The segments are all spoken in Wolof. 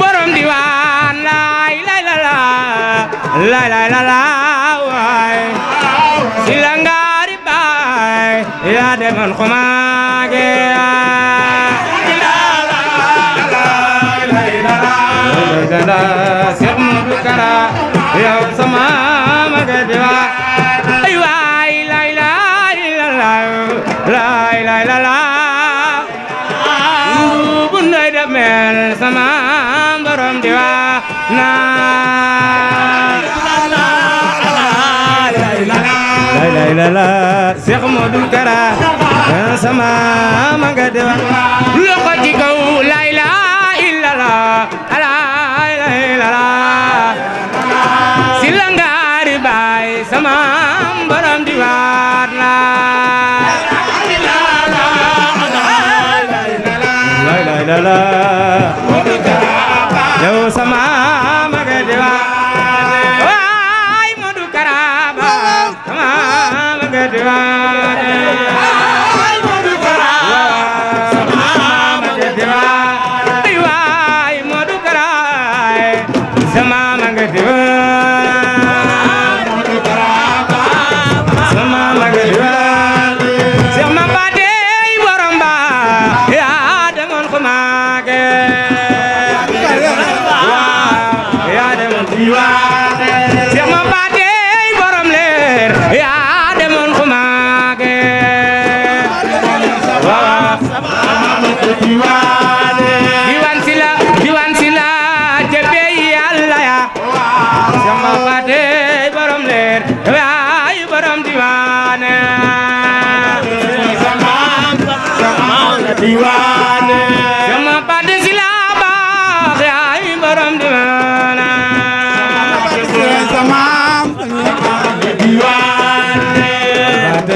borom diwaan laay laay la la laay laay la la waay si la ngaari baay yaa demoon xumaage yaa la la laay laay la la la sama ma nga de wax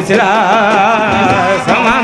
sila sama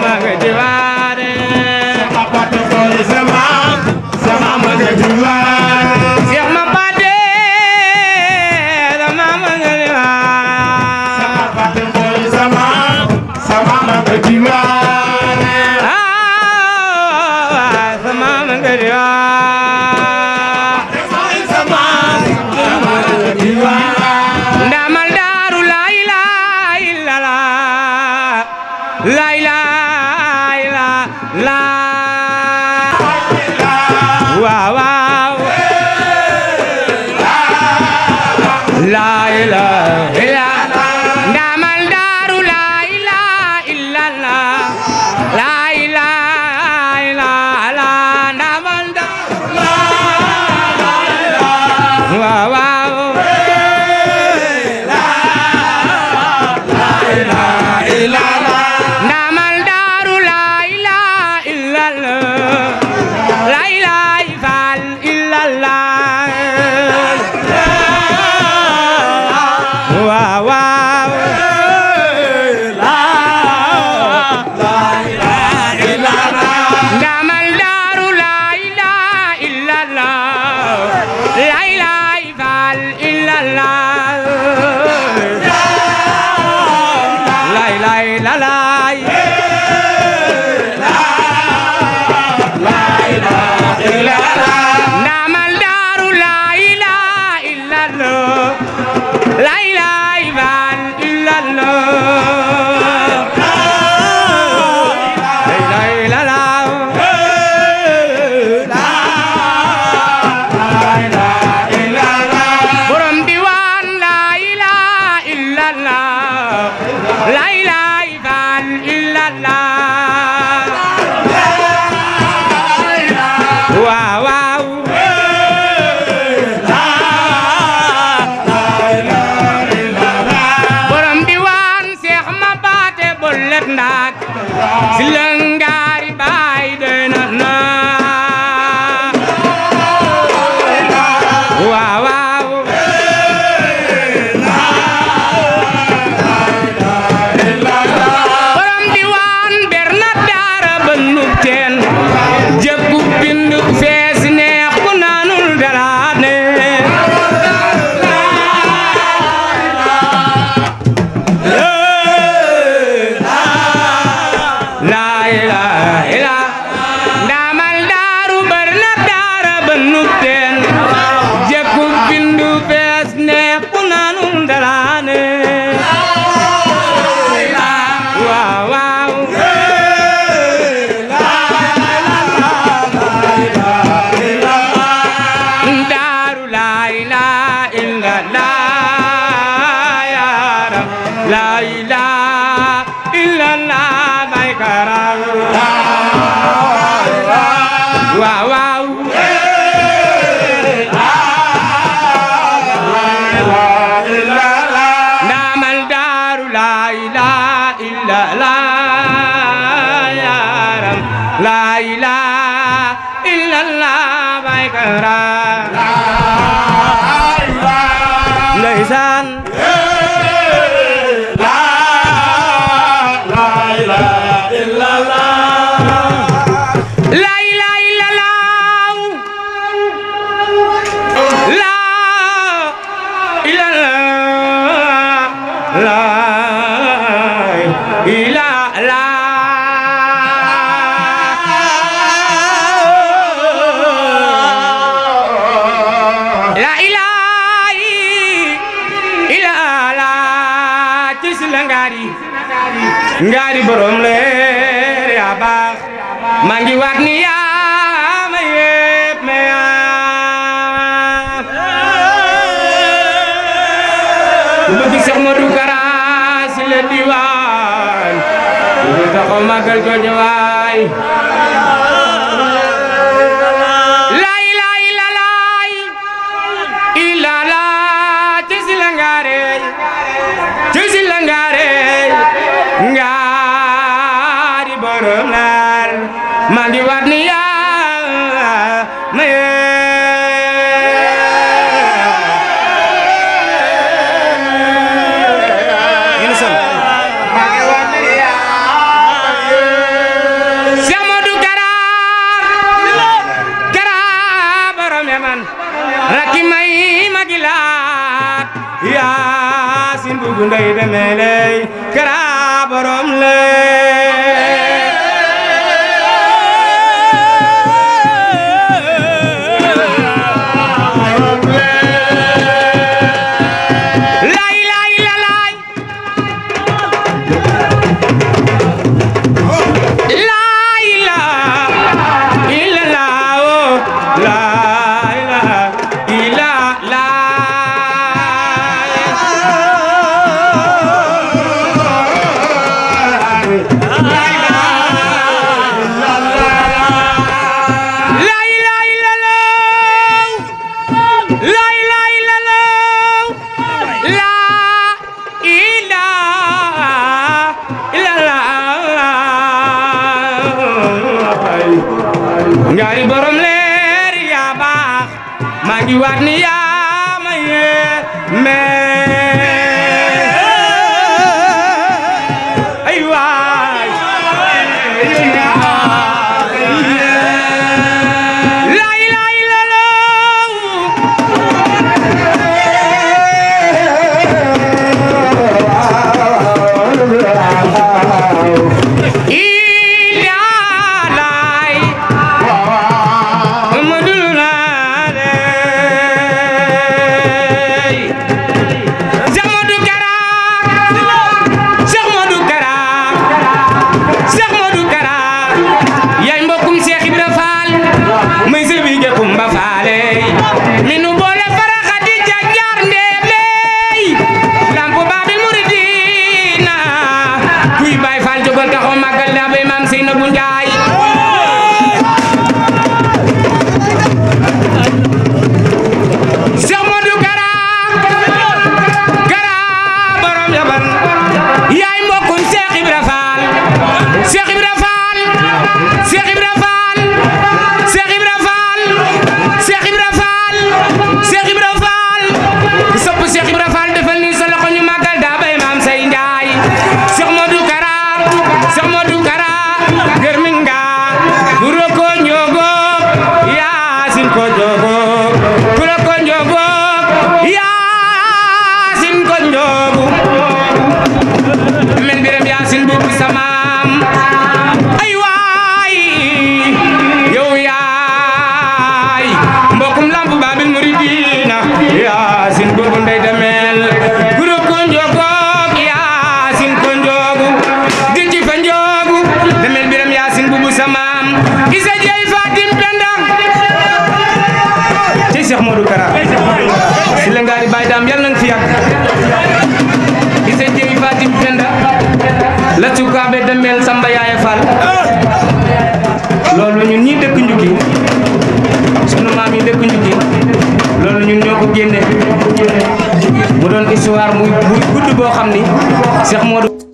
ret ndaak si lëngaari Ndeysaan ngaari borom leer yaa baax maa ngi waat ni loxo magal jooju waay Mandi wat ni ya bu ndey demee lay kara borom lay maa ngi waat ni yaa ma yee Njogo Yaasin ko Njogo cukkaabe demeel Samba Yaaya Fall loolu ñun ñii dëkk njukki sunu maam yi dëkk njukki loolu ñun ñoo ko génne mu doon histoire muy gudd boo xam ni Cheikh Modou